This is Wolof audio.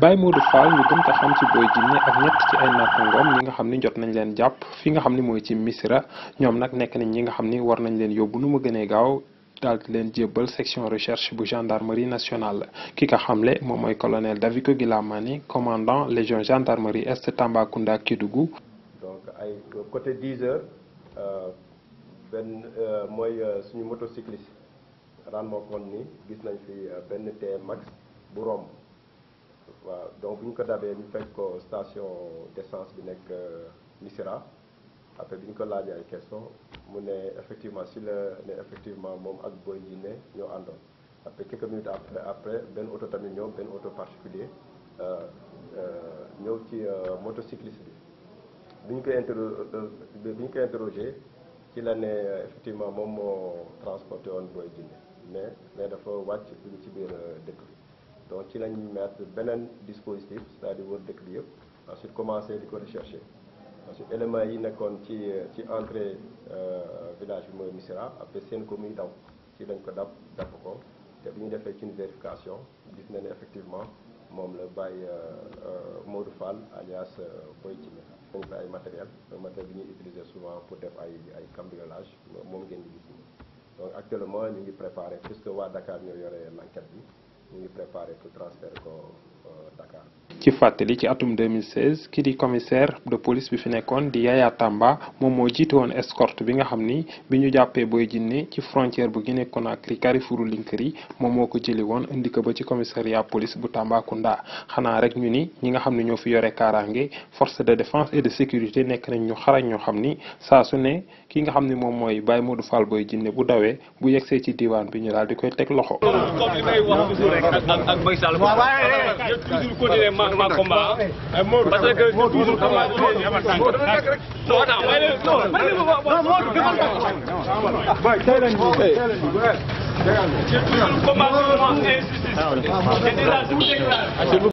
Baye Modou Fall ñu gën ko xam ci Boy Djiné ak ñett ci ay nattangoom ñi nga xam ni jot nañ leen jàpp fi nga xam ni mooy ci Missirah ñoom nag nekk nañ ñi nga xam ni war nañ leen yóbbu nu mu gënee gaaw daal di leen jébbal section recherche bu gendarmerie nationale ki ko xamle moom mooy colonel Daviko Gilamani commandant légion gendarmerie est Tambacounda Kédougou. donc ay côté 10 heures euh, benn euh, mooy euh, suñu motocycliste gis nañ fi waaw donc bu ñu ko dabee ñu fekk ko station d'essence bi nekk euh, Missirah après bi ñu ko laajee ay question mu ne effectivement si la ne effectivement moom ak Boy Djiné ñoo àndoon après quelques minutes après après benn oto tamit ñëw benn oto particulier euh, euh, ñëw ci motocycliste bi bi ñu koy interro bi ñu koy ci la ne effectivement moom moo transporté woon Boy Djiné mais mais dafa wàcc ci biir dëkk bi donc ci lañ mettre beneen dispositif c'est-à-dire wër dëkk bi yëpp ensuite commencé di ko rechercher que élément yi nekkoon ci ci entrée euh, village bi mooy Missirah après seen ko muy daw ci lañ ko dab dab ko te bi ñu defee ci une vérification gis na ne effectivement moom la bàyyi euh, euh, Modou Fall alias Boy Djimé dañ fa ay matériel matériel bi ñuy utiliser souvent pour def ay ay cambriolage moom ngeen di gis donc actuellement ñu ngi préparé puisque waa Dakar ñoo yore l'enquête bi ñu ngi préparé euh, ci fàttali ci atum 2016 ki di commissaire de police bi fi nekkoon di Yaya Tamba moom moo jiite woon escorte bi nga xam ni bi ñu jàppee Boy Djiné ci frontière bu Guinée Conakry Carrefour Linkary moom moo ko jëli woon indi ko ba ci commissariat police bu Tambacounda xanaa rek ñu ni ñi nga xam ne ñoo fi yore kaaraange force de défense et de sécurité nekk nañ ñu xarañ ñoo xam ni saa su ne ki nga xam ne moom mooy bay Modou Fall Boy bu dawee bu yegsee ci diwaan bi ñu daal di koy teg ak ak Boy Sall. waaw waaye toujours continuer ma ma combat parce que toujours combat bi day avantage. non non may leen non may leen ma ma ma ma defal ko. Boy tey lañ ko tey lañ ko. toujours combat bi ma injustice.